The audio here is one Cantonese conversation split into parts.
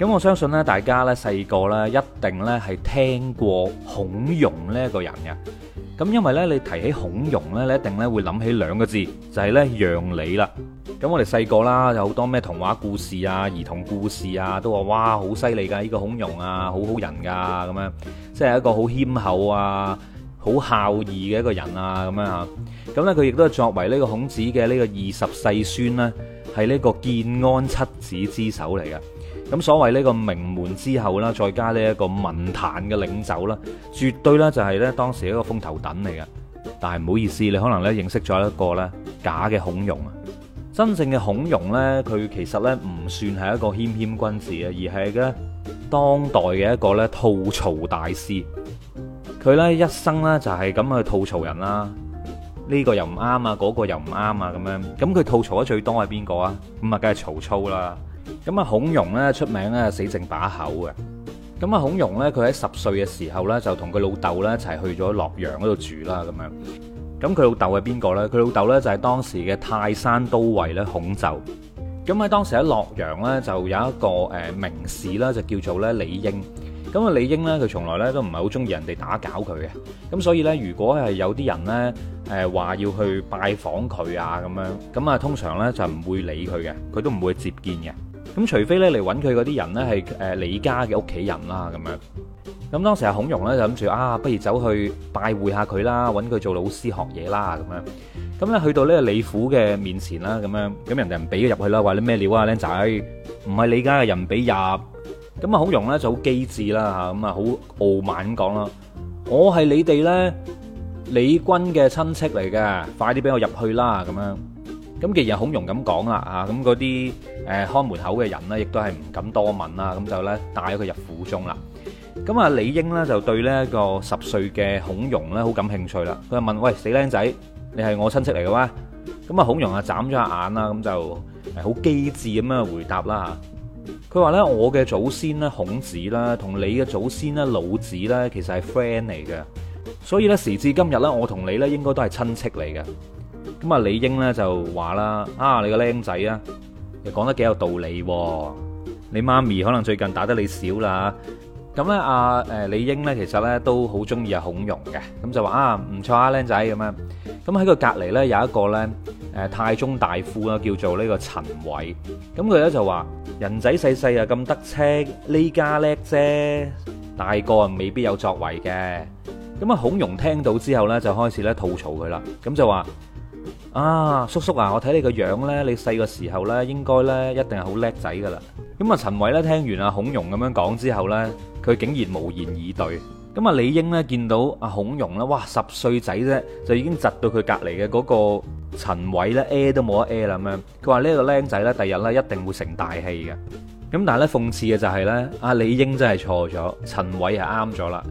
咁我相信咧，大家咧細個咧一定咧係聽過孔融呢一個人嘅。咁因為咧，你提起孔融咧，你一定咧會諗起兩個字，就係咧讓梨啦。咁我哋細個啦，有好多咩童話故事啊、兒童故事啊，都話哇好犀利噶，呢個孔融啊，好好人噶咁樣，即係一個好謙厚啊、好孝義嘅一個人啊咁樣。咁咧佢亦都作為呢個孔子嘅呢個二十世孫呢，係呢個建安七子之首嚟嘅。咁所謂呢個名門之後啦，再加呢一個文壇嘅領袖啦，絕對呢就係呢當時一個風頭躉嚟嘅。但係唔好意思，你可能呢認識咗一個呢假嘅孔融啊！真正嘅孔融呢，佢其實呢唔算係一個謙謙君子啊，而係呢當代嘅一個呢吐槽大師。佢呢一生呢就係咁去吐槽人啦。呢、這個又唔啱啊，嗰、那個又唔啱啊，咁樣。咁佢吐槽得最多係邊個啊？咁啊，梗係曹操啦。咁啊，孔融咧出名咧死剩把口嘅。咁啊，孔融咧，佢喺十歲嘅時候咧，爸爸呢爸爸就同佢老豆咧一齊去咗洛陽嗰度住啦，咁樣。咁佢老豆係邊個咧？佢老豆咧就係當時嘅泰山都尉咧孔宙。咁喺當時喺洛陽咧，就有一個誒，名士啦，就叫做咧李英。咁啊，李英咧，佢從來咧都唔係好中意人哋打攪佢嘅。咁所以咧，如果係有啲人咧，誒話要去拜訪佢啊，咁樣，咁啊，通常咧就唔會理佢嘅，佢都唔會接見嘅。咁除非咧嚟揾佢嗰啲人咧係誒李家嘅屋企人啦咁樣，咁當時阿孔融咧就諗住啊，不如走去拜會下佢啦，搵佢做老師學嘢啦咁樣，咁咧去到呢個李府嘅面前啦，咁樣，咁人哋唔俾佢入去啦，話你咩料啊，僆仔，唔係李家嘅人，唔俾入。咁啊孔融咧就好機智啦吓，咁啊好傲慢講講啦，我係你哋咧李軍嘅親戚嚟嘅，快啲俾我入去啦咁樣。咁其實孔融咁講啦，咁嗰啲誒看門口嘅人呢，亦都係唔敢多問啦，咁就咧帶咗佢入府中啦。咁啊，李英呢，就對呢一個十歲嘅孔融呢，好感興趣啦。佢就問：「喂，死僆仔，你係我親戚嚟嘅咩？」咁啊，孔融啊眨咗下眼啦，咁就誒好機智咁樣回答啦吓。佢話呢，「我嘅祖先咧孔子啦，同你嘅祖先咧老子咧，其實係 friend 嚟嘅，所以呢，時至今日咧，我同你呢，應該都係親戚嚟嘅。」咁啊，李英咧就話啦，啊，你個僆仔啊，你講得幾有道理。你媽咪可能最近打得你少啦。咁咧，阿誒李英咧，其實咧都好中意阿孔融嘅，咁就話啊唔錯啊，僆仔咁樣。咁喺佢隔籬咧有一個咧誒太中大夫啦，叫做呢個陳偉。咁佢咧就話人仔細細啊咁得戚呢家叻啫，大個啊未必有作為嘅。咁啊，孔融聽到之後咧就開始咧吐槽佢啦，咁就話。啊，叔叔啊，我睇你個樣咧，你細個時候咧，應該咧一定係好叻仔噶啦。咁啊，陳偉咧聽完阿孔融咁樣講之後咧，佢竟然無言以對。咁啊，李英咧見到阿孔融咧，哇，十歲仔啫，就已經窒到佢隔籬嘅嗰個陳偉咧，air 都冇得 air 啦咁樣。佢話呢個靚仔咧，第日咧一定會成大器嘅。咁但係咧，諷刺嘅就係咧，阿李英真係錯咗，陳偉係啱咗啦。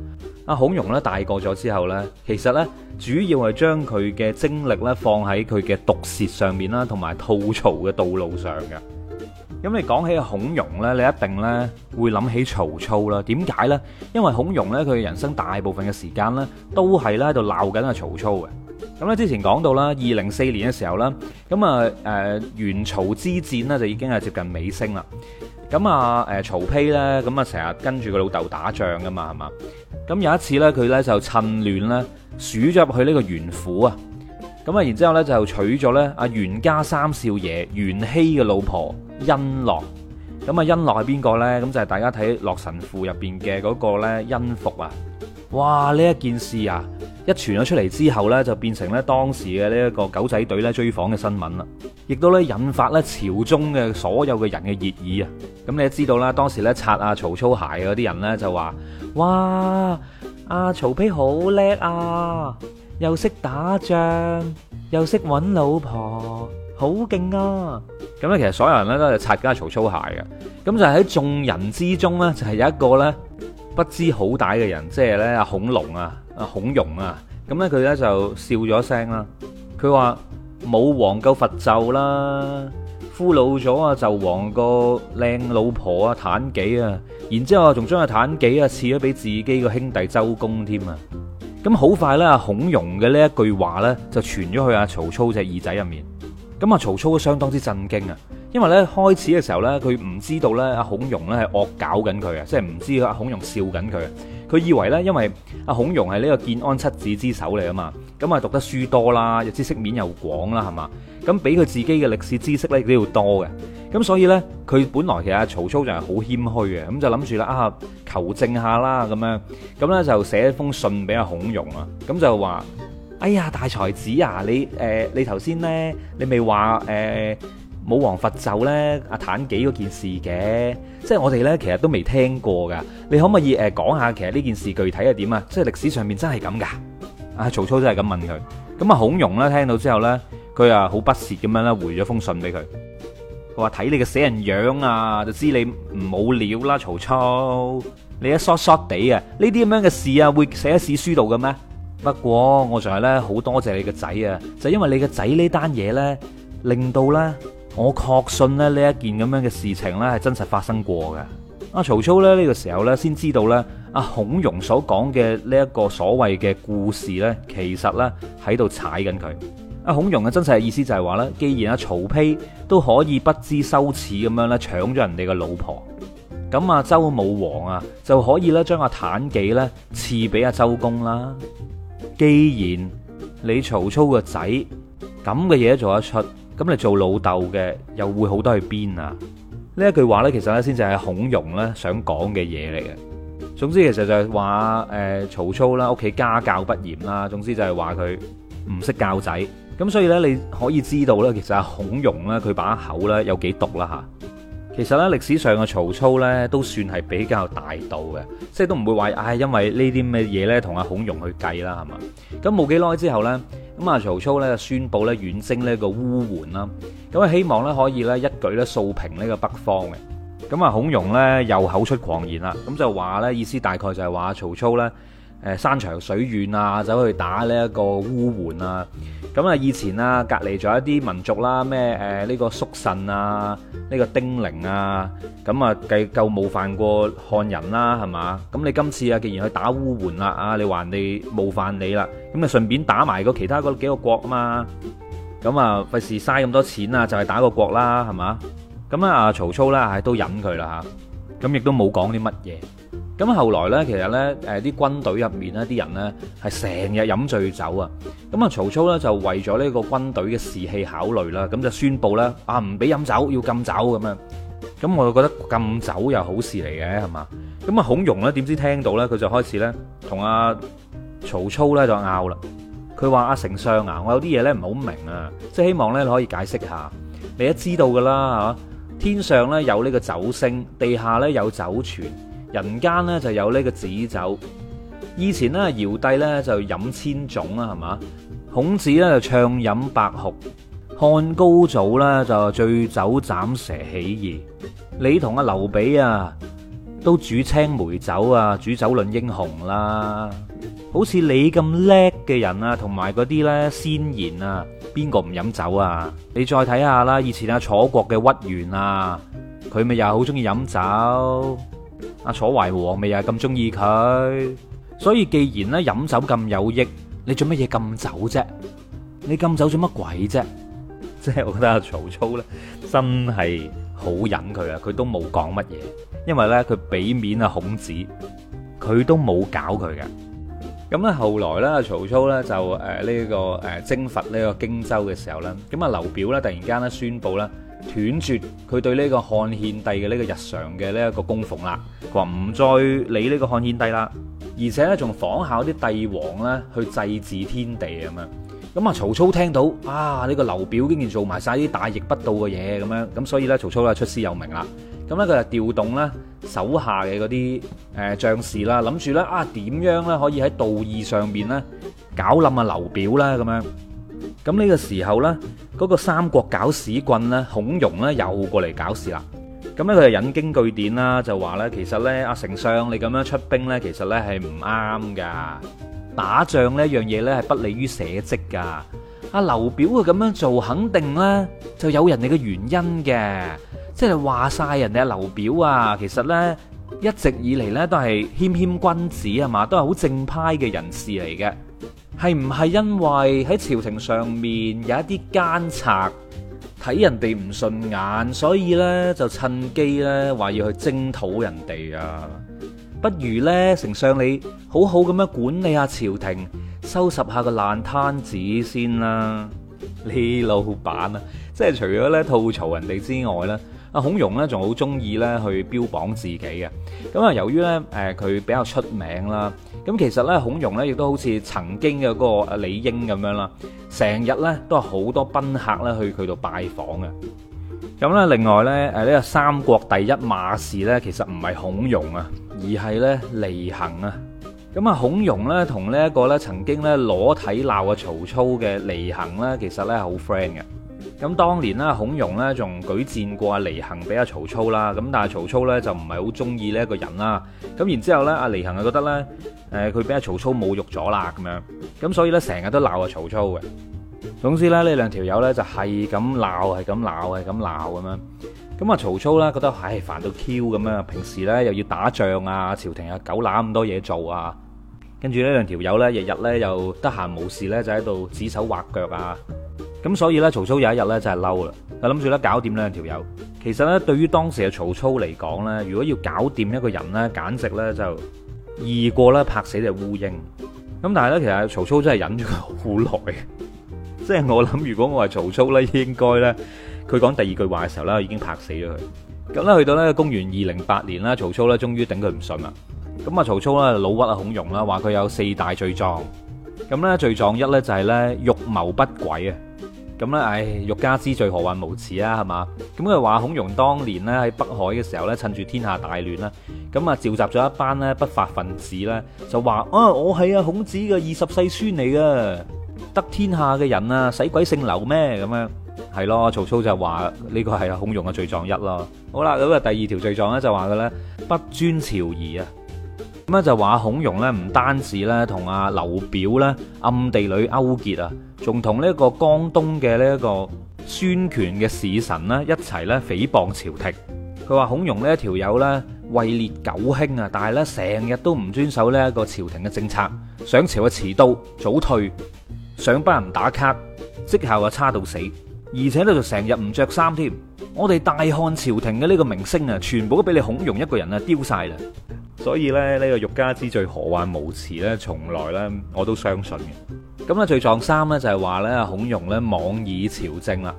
阿孔融咧，大個咗之後呢，其實咧主要係將佢嘅精力咧放喺佢嘅毒舌上面啦，同埋吐槽嘅道路上嘅。咁、嗯、你講起孔融呢，你一定咧會諗起曹操啦。點解呢？因為孔融呢，佢人生大部分嘅時間咧，都係咧喺度鬧緊阿曹操嘅。咁、嗯、咧之前講到啦，二零四年嘅時候啦，咁啊誒，袁曹之戰呢，就已經係接近尾聲啦。咁啊，曹丕咧，咁啊成日跟住個老豆打仗噶嘛，係嘛？咁有一次咧，佢咧就趁亂咧，鼠咗入去個呢個袁府啊。咁啊，然之後咧就娶咗咧阿袁家三少爺袁熙嘅老婆甄洛。咁啊，甄洛係邊個咧？咁就係大家睇《洛神賦》入面嘅嗰個咧甄宓啊。哇！呢一件事啊，一傳咗出嚟之後呢，就變成咧當時嘅呢一個狗仔隊咧追訪嘅新聞啦，亦都咧引發咧朝中嘅所有嘅人嘅熱議啊！咁、嗯、你知道啦，當時咧擦啊曹操鞋嗰啲人呢，就話：哇！阿、啊、曹丕好叻啊，又識打仗，又識搵老婆，好勁啊！咁咧、嗯、其實所有人咧都係擦緊阿曹操鞋嘅，咁就喺眾人之中呢，就係、是、有一個呢。不知好歹嘅人，即係咧阿孔龍啊、阿孔融啊，咁咧佢咧就笑咗一聲啦，佢話武王救佛咒啦，俘虜咗阿紂王個靚老婆啊妲己啊，然之後仲將阿妲己啊賜咗俾自己個兄弟周公添啊，咁好快咧阿孔融嘅呢一句話咧就傳咗去阿曹操隻耳仔入面，咁啊曹操都相當之震驚啊。因為咧開始嘅時候咧，佢唔知道咧阿孔融咧係惡搞緊佢啊，即係唔知阿孔融笑緊佢。佢以為咧，因為阿孔融係呢個建安七子之首嚟啊嘛，咁啊讀得書多啦，又知識面又廣啦，係嘛？咁比佢自己嘅歷史知識咧，亦都要多嘅。咁所以咧，佢本來其實曹操很謙虛的就係好謙虛嘅，咁就諗住啦啊，求證下啦，咁樣咁咧就寫一封信俾阿孔融啊，咁就話：哎呀，大才子啊，你誒你頭先咧，你咪話誒。武王伐紂咧，阿妲己嗰件事嘅，即係我哋咧，其實都未聽過噶。你可唔可以誒講下，其實呢件事具體係點啊？即係歷史上面真係咁噶？啊，曹操真係咁問佢。咁啊，孔融咧聽到之後咧，佢啊好不屑咁樣咧回咗封信俾佢。佢話睇你個死人樣啊，就知你唔好料啦，曹操。你一索索地啊，呢啲咁樣嘅事啊，會寫喺史書度嘅咩？不過我仲係咧好多謝你個仔啊，就因為你個仔呢單嘢咧，令到咧。我確信咧，呢一件咁樣嘅事情呢，係真實發生過嘅。阿曹操呢，呢個時候呢，先知道呢，阿孔融所講嘅呢一個所謂嘅故事呢，其實呢，喺度踩緊佢。阿孔融嘅真實意思就係話呢，既然阿曹丕都可以不知羞恥咁樣咧搶咗人哋嘅老婆，咁阿周武王啊就可以咧將阿妲己呢，賜俾阿周公啦。既然你曹操個仔咁嘅嘢做得出。咁你做老豆嘅又會好多去邊啊？呢一句話呢，其實呢先至係孔融呢想講嘅嘢嚟嘅。總之其實就係話、呃、曹操啦，屋企家教不嚴啦，總之就係話佢唔識教仔。咁所以呢，你可以知道呢，其實孔融呢佢把口呢有幾毒啦嚇。其實呢，歷史上嘅曹操呢都算係比較大度嘅，即係都唔會話唉、哎，因為呢啲咩嘢呢同阿孔融去計啦，係嘛？咁冇幾耐之後呢。咁啊，曹操咧宣佈咧遠征呢個烏桓啦，咁啊希望咧可以咧一舉咧掃平呢個北方嘅。咁啊，孔融咧又口出狂言啦，咁就話咧意思大概就係話曹操咧。誒山長水遠啊，走去打呢一個烏桓啊，咁啊以前啊隔離仲有一啲民族啦，咩誒呢個肅慎啊，呢個丁零啊，咁啊計夠冒犯過漢人啦，係嘛？咁你今次啊，既然去打烏桓啦，啊你話你冒犯你啦，咁啊順便打埋個其他嗰幾個國嘛，咁啊費事嘥咁多錢啊，就係打個國啦，係嘛？咁啊曹操咧，都忍佢啦嚇，咁亦都冇講啲乜嘢。咁後來呢，其實呢誒啲軍隊入面呢啲人呢，係成日飲醉酒啊。咁啊，曹操呢，就為咗呢個軍隊嘅士氣考慮啦，咁就宣佈呢：「啊，唔俾飲酒，要禁酒咁樣。咁我就覺得禁酒又好事嚟嘅，係嘛？咁啊，孔融呢點知聽到呢，佢就開始呢，同阿曹操呢就拗啦。佢話：阿丞相啊，我有啲嘢呢唔好明啊，即係希望呢你可以解釋下。你都知道噶啦嚇，天上呢有呢個酒星，地下呢有酒泉。人間咧就有呢個紫酒，以前咧堯帝咧就飲千種啊，係嘛？孔子咧就暢飲百壺，漢高祖咧就醉酒斬蛇起義。你同阿劉備啊，都煮青梅酒啊，煮酒論英雄啦啊。好似你咁叻嘅人啊，同埋嗰啲咧先賢啊，邊個唔飲酒啊？你再睇下啦，以前阿楚國嘅屈原啊，佢咪又好中意飲酒。阿楚懷王咪又係咁中意佢，所以既然咧飲酒咁有益，你做乜嘢禁酒啫？你禁酒做乜鬼啫？即係我覺得阿曹操咧真係好忍佢啊，佢都冇講乜嘢，因為咧佢俾面阿孔子，佢都冇搞佢嘅。咁咧後來咧，曹操咧就誒呢個誒征伐呢個荊州嘅時候咧，咁啊劉表咧突然間咧宣布啦。斷絕佢對呢個漢獻帝嘅呢個日常嘅呢一個供奉啦，佢話唔再理呢個漢獻帝啦，而且呢仲仿效啲帝王呢去祭祀天地咁樣。咁啊，曹操聽到啊呢個劉表竟然做埋晒啲大逆不道嘅嘢咁樣，咁所以呢，曹操呢出師有名啦。咁呢，佢就調動呢手下嘅嗰啲誒將士啦，諗住呢啊點樣呢可以喺道義上面呢搞冧啊劉表啦咁樣。咁呢個時候呢，嗰個三國搞屎棍呢，孔融呢又過嚟搞事啦。咁呢，佢就引經據典啦，就話呢，其實呢，阿丞相你咁樣出兵呢，其實呢係唔啱噶。打仗呢樣嘢呢，係不利於社稷噶。阿劉表佢咁樣做肯定呢，就有人哋嘅原因嘅，即係話晒人哋阿劉表啊，其實呢，一直以嚟呢，都係謙謙君子係嘛？都係好正派嘅人士嚟嘅。係唔係因為喺朝廷上面有一啲奸賊睇人哋唔順眼，所以咧就趁機咧話要去征討人哋啊？不如咧，丞相你好好咁樣管理下朝廷，收拾下個爛攤子先啦！你老闆啊，即係除咗咧吐槽人哋之外咧。啊，孔融咧仲好中意咧去標榜自己嘅，咁啊由於咧誒佢比較出名啦，咁其實咧孔融咧亦都好似曾經嘅嗰個李英咁樣啦，成日咧都係好多賓客咧去佢度拜訪嘅，咁咧另外呢，誒呢個三國第一馬氏呢，其實唔係孔融啊，而係咧禰衡啊，咁啊孔融咧同呢一個咧曾經咧裸體鬧嘅曹操嘅禰衡呢，其實咧係好 friend 嘅。咁當年啦，孔融咧仲舉薦過阿禰衡俾阿曹操啦。咁但係曹操咧就唔係好中意呢一個人啦。咁然之後咧，阿禰衡就覺得咧，誒，佢俾阿曹操侮辱咗啦，咁樣咁所以咧成日都鬧阿曹操嘅。總之咧呢兩條友咧就係咁鬧，係咁鬧，係咁鬧咁樣。咁啊，曹操咧覺得唉煩到 Q 咁樣，平時咧又要打仗啊，朝廷啊狗乸咁多嘢做啊。跟住呢兩條友呢，日日呢又得閒無事呢，就喺度指手畫腳啊！咁所以呢，曹操有一日呢，就係嬲啦，就諗住咧搞掂呢兩條友。其實呢，對於當時嘅曹操嚟講呢，如果要搞掂一個人呢，簡直呢，就易過咧拍死隻烏蠅。咁但係呢，其實曹操真係忍咗好耐。即係我諗，如果我係曹操呢，應該呢，佢講第二句話嘅時候呢，已經拍死咗佢。咁呢，去到呢，公元二零八年啦，曹操呢，終於頂佢唔順啦。咁啊！曹操咧老屈啊，孔融啦，話佢有四大罪狀。咁咧罪狀一咧就係咧欲謀不軌啊。咁咧唉，欲加之罪何患無辭啊？係嘛？咁佢話孔融當年咧喺北海嘅時候咧，趁住天下大亂啦，咁啊召集咗一班咧不法分子呢，就話啊我係啊孔子嘅二十四孫嚟噶，得天下嘅人啊，使鬼姓劉咩？咁樣係咯，曹操就話呢個係啊孔融嘅罪狀一咯。好啦，咁啊第二條罪狀咧就話佢咧不尊朝儀啊。咁就話孔融咧唔單止咧同阿劉表咧暗地裏勾結啊，仲同呢一個江東嘅呢一個孫權嘅使臣咧一齊咧誹謗朝廷。佢話孔融呢一條友咧位列九卿啊，但係咧成日都唔遵守呢一個朝廷嘅政策，上朝啊遲到早退，上班唔打卡，績效啊差到死，而且咧就成日唔着衫添。我哋大漢朝廷嘅呢個名聲，啊，全部都俾你孔融一個人啊丟晒啦！所以咧，呢個欲加之罪，何患無辭呢，從來呢，我都相信嘅。咁呢，罪狀三呢，就係話呢，孔融呢，妄以朝政啦。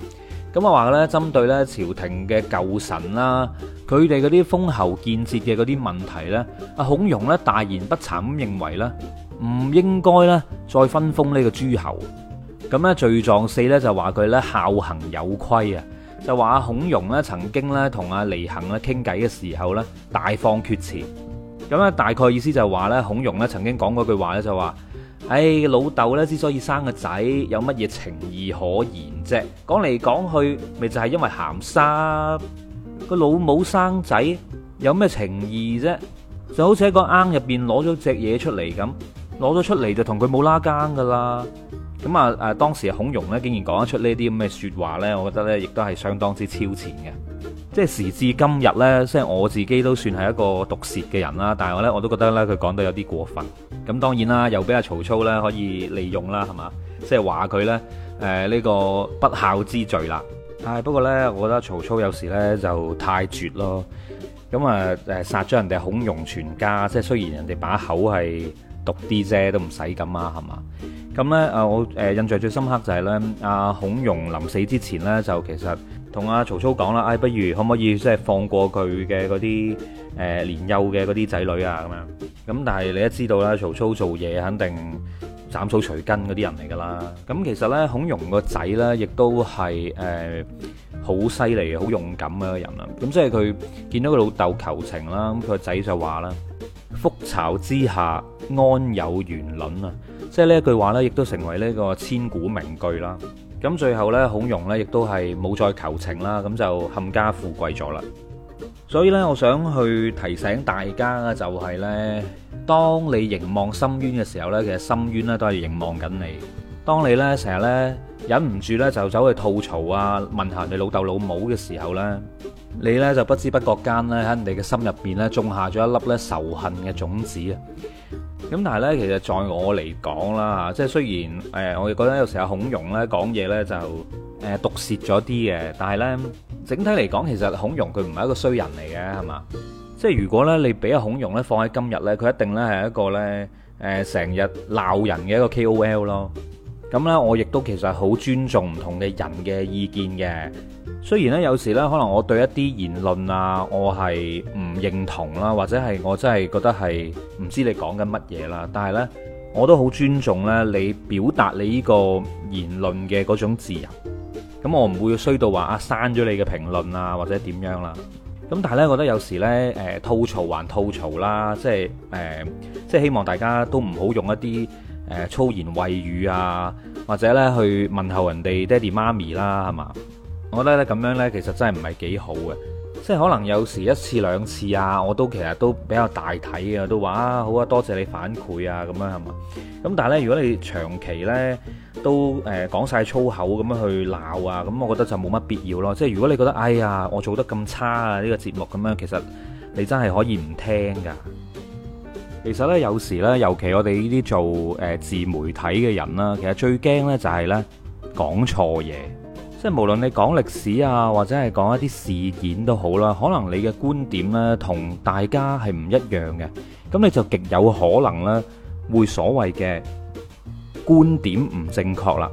咁啊話呢，針對呢，朝廷嘅舊臣啦，佢哋嗰啲封侯建設嘅嗰啲問題呢，阿孔融呢，大言不慚咁認為呢，唔應該呢，再分封呢個諸侯。咁呢，罪狀四呢，就話佢呢，孝行有虧啊，就話孔融呢，曾經呢，同阿禰衡咧傾偈嘅時候呢，大放厥詞。咁咧大概意思就係話咧，孔融咧曾經講過句話咧就話，唉、哎，老豆咧之所以生個仔，有乜嘢情義可言啫？講嚟講去，咪就係因為鹹濕個老母生仔，有咩情義啫？就好似喺個罌入邊攞咗隻嘢出嚟咁，攞咗出嚟就同佢冇拉更噶啦。咁啊誒，當時孔融咧竟然講得出呢啲咁嘅說話咧，我覺得咧亦都係相當之超前嘅。即係時至今日呢，雖然我自己都算係一個毒舌嘅人啦，但係我呢，我都覺得呢，佢講得有啲過分。咁當然啦，又俾阿曹操呢可以利用啦，係嘛？即係話佢呢，呢、呃呢個不孝之罪啦。唉、哎，不過呢，我覺得曹操有時呢就太絕咯。咁啊誒殺咗人哋孔融全家，即係雖然人哋把口係毒啲啫，都唔使咁啊，係嘛？咁呢，我印象最深刻就係呢，阿、啊、孔融臨死之前呢，就其實。同阿曹操講啦，哎，不如可唔可以即係放過佢嘅嗰啲誒年幼嘅嗰啲仔女啊咁樣。咁但係你都知道啦，曹操做嘢肯定斬草除根嗰啲人嚟噶啦。咁其實呢，孔融個仔呢亦都係誒好犀利、好勇敢嘅一個人啦。咁即係佢見到個老豆求情啦，咁佢個仔就話啦：覆巢之下，安有完卵啊！即係呢一句話呢，亦都成為呢個千古名句啦。咁最後咧，孔融咧亦都係冇再求情啦，咁就冚家富貴咗啦。所以咧，我想去提醒大家，就係咧，當你凝望深淵嘅時候咧，其實深淵咧都係凝望緊你。當你咧成日咧忍唔住咧就走去吐槽啊，問下你老豆老母嘅時候咧，你咧就不知不覺間咧喺你嘅心入邊咧種下咗一粒咧仇恨嘅種子啊！咁但係咧，其實在我嚟講啦嚇，即係雖然誒，我哋覺得有時候孔融咧講嘢咧就誒毒舌咗啲嘅，但係咧整體嚟講，其實孔融佢唔係一個衰人嚟嘅，係嘛？即係如果咧你俾阿孔融咧放喺今日咧，佢一定咧係一個咧誒成日鬧人嘅一個 KOL 咯。咁咧，我亦都其實好尊重唔同嘅人嘅意見嘅。雖然咧，有時咧，可能我對一啲言論啊，我係唔認同啦，或者係我真係覺得係唔知你講緊乜嘢啦。但係呢，我都好尊重咧你表達你呢個言論嘅嗰種自由。咁我唔會衰到話啊刪咗你嘅評論啊，或者點樣啦。咁但係呢，我覺得有時呢，誒吐槽還吐槽啦，即係誒，即係希望大家都唔好用一啲。誒粗言穢語啊，或者咧去問候人哋爹哋媽咪啦，係嘛？我覺得咧咁樣呢，其實真係唔係幾好嘅，即係可能有時一次兩次啊，我都其實都比較大體嘅，都話啊好啊，多謝你反饋啊，咁樣係嘛？咁但係咧，如果你長期呢都誒講晒粗口咁樣去鬧啊，咁我覺得就冇乜必要咯。即係如果你覺得哎呀我做得咁差啊呢個節目咁樣，其實你真係可以唔聽㗎。其實咧，有時咧，尤其我哋呢啲做誒自媒體嘅人啦，其實最驚咧就係咧講錯嘢，即係無論你講歷史啊，或者係講一啲事件都好啦，可能你嘅觀點咧同大家係唔一樣嘅，咁你就極有可能咧會所謂嘅觀點唔正確啦，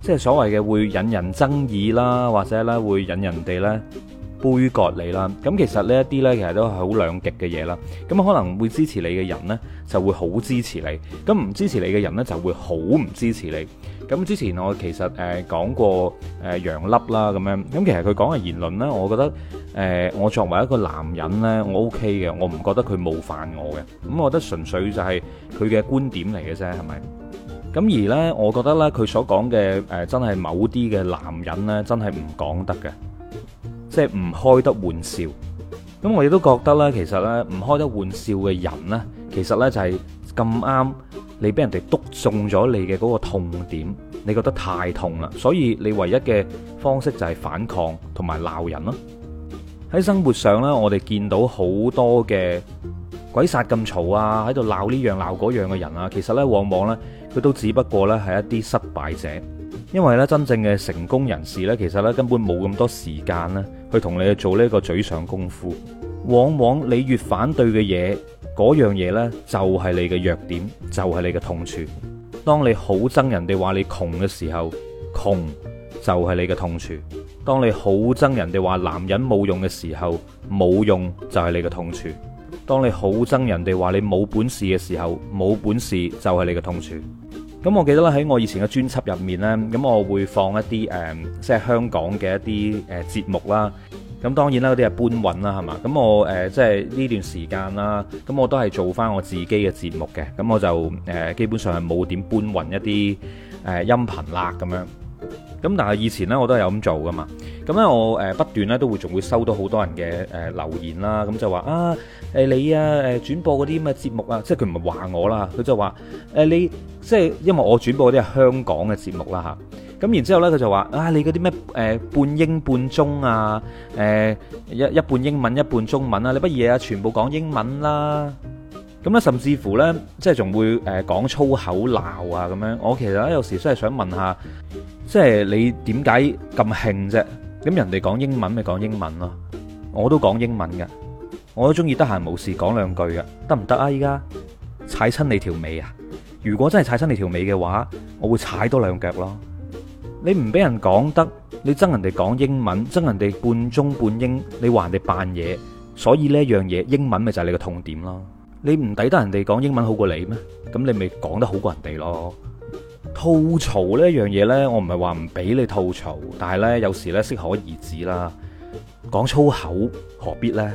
即係所謂嘅會引人爭議啦，或者咧會引人哋咧。杯葛你啦，咁其實呢一啲呢，其實都係好兩極嘅嘢啦。咁可能會支持你嘅人呢，就會好支持你；咁唔支持你嘅人呢，就會好唔支持你。咁之前我其實誒、呃、講過誒、呃、楊笠啦，咁樣，咁其實佢講嘅言論呢，我覺得、呃、我作為一個男人呢，我 OK 嘅，我唔覺得佢冒犯我嘅。咁我覺得純粹就係佢嘅觀點嚟嘅啫，係咪？咁而呢，我覺得呢，佢所講嘅、呃、真係某啲嘅男人呢，真係唔講得嘅。即係唔開得玩笑，咁我亦都覺得咧，其實咧，唔開得玩笑嘅人呢，其實呢，就係咁啱你俾人哋篤中咗你嘅嗰個痛點，你覺得太痛啦，所以你唯一嘅方式就係反抗同埋鬧人咯。喺生活上呢，我哋見到好多嘅鬼殺咁嘈啊，喺度鬧呢樣鬧嗰樣嘅人啊，其實呢，往往呢，佢都只不過呢係一啲失敗者，因為呢，真正嘅成功人士呢，其實呢，根本冇咁多時間咧。去同你去做呢個嘴上功夫，往往你越反對嘅嘢，嗰樣嘢呢，就係你嘅弱點，就係你嘅痛處。當你好憎人哋話你窮嘅時候，窮就係你嘅痛處；當你好憎人哋話男人冇用嘅時候，冇用就係你嘅痛處；當你好憎人哋話你冇本事嘅時候，冇本事就係你嘅痛處。咁我記得啦，喺我以前嘅專輯入面呢，咁我會放一啲、呃、即係香港嘅一啲誒節目啦。咁當然啦，嗰啲係搬運啦，係嘛？咁我誒、呃、即係呢段時間啦，咁我都係做返我自己嘅節目嘅。咁我就誒、呃、基本上係冇點搬運一啲誒、呃、音頻啦咁樣。咁但係以前呢，我都係有咁做噶嘛。咁呢，我不斷呢都會仲會收到好多人嘅留言啦。咁就話啊，你啊，誒轉播嗰啲咩節目啊，即係佢唔係話我啦，佢就話你即係因為我轉播嗰啲係香港嘅節目啦吓，咁、啊、然之後呢，佢就話啊，你嗰啲咩半英半中啊，一一半英文一半中文啊，你不如啊全部講英文啦。咁咧，甚至乎呢，即係仲會誒講、呃、粗口鬧啊，咁樣。我其實咧有時真係想問下，即係你點解咁興啫？咁人哋講英文咪講英文咯、啊，我都講英文㗎。我都中意得閒冇事講兩句㗎，得唔得啊？依家踩親你條尾啊！如果真係踩親你條尾嘅話，我會踩多兩腳咯。你唔俾人講得，你憎人哋講英文，憎人哋半中半英，你話人哋扮嘢，所以呢樣樣嘢英文咪就係你個痛點咯。你唔抵得人哋講英文好過你咩？咁你咪講得好過人哋咯。吐槽呢樣嘢呢，我唔係話唔俾你吐槽，但係呢，有時呢，適可而止啦。講粗口何必呢？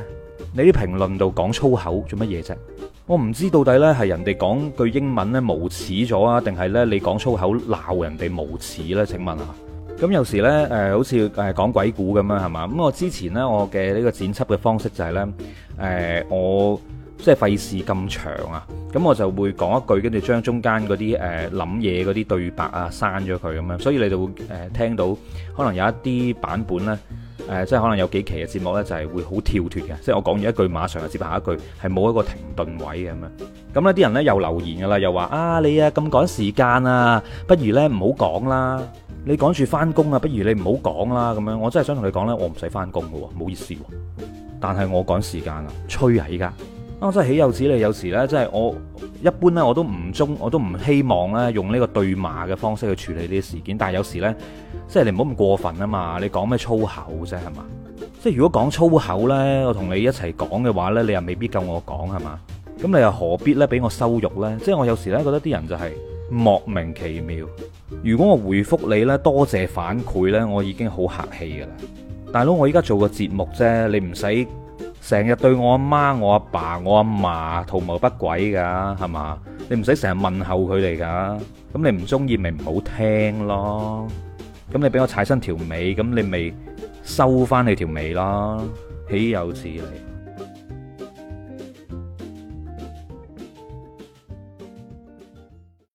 你啲評論度講粗口做乜嘢啫？我唔知到底呢係人哋講句英文呢無恥咗啊，定係呢？你講粗口鬧人哋無恥呢？請問啊，咁有時呢，誒、呃，好似誒講鬼故咁樣係嘛？咁我之前呢，我嘅呢個剪輯嘅方式就係呢。誒、呃，我。即係費事咁長啊，咁我就會講一句，跟住將中間嗰啲誒諗嘢嗰啲對白啊刪咗佢咁樣，所以你就會誒聽到可能有一啲版本呢，誒、呃、即係可能有幾期嘅節目呢，就係會好跳脱嘅，即係我講完一句馬上就接下一句，係冇一個停頓位嘅咁樣。咁呢啲人呢，又留言噶啦，又話啊你啊咁趕時間啊，不如呢唔好講啦，你趕住返工啊，不如你唔好講啦咁樣。我真係想同你講呢，我唔使返工嘅喎，唔好意思喎、啊，但係我趕時間啊，吹啊依家。啊！真係豈有此理，你有時呢，即係我一般呢，我都唔中，我都唔希望咧，用呢個對罵嘅方式去處理呢啲事件。但係有時呢，即係你唔好咁過分啊嘛！你講咩粗口啫，係嘛？即係如果講粗口呢，我同你一齊講嘅話呢，你又未必夠我講係嘛？咁你又何必呢？俾我羞辱呢？即係我有時呢覺得啲人就係莫名其妙。如果我回覆你呢，多謝反饋呢，我已經好客氣㗎喇。大佬，我依家做個節目啫，你唔使。成日對我阿媽、我阿爸、我阿嫲圖謀不軌㗎，係嘛？你唔使成日問候佢哋㗎，咁你唔中意咪唔好聽咯。咁你俾我踩身條尾，咁你咪收翻你條尾咯，豈有此理！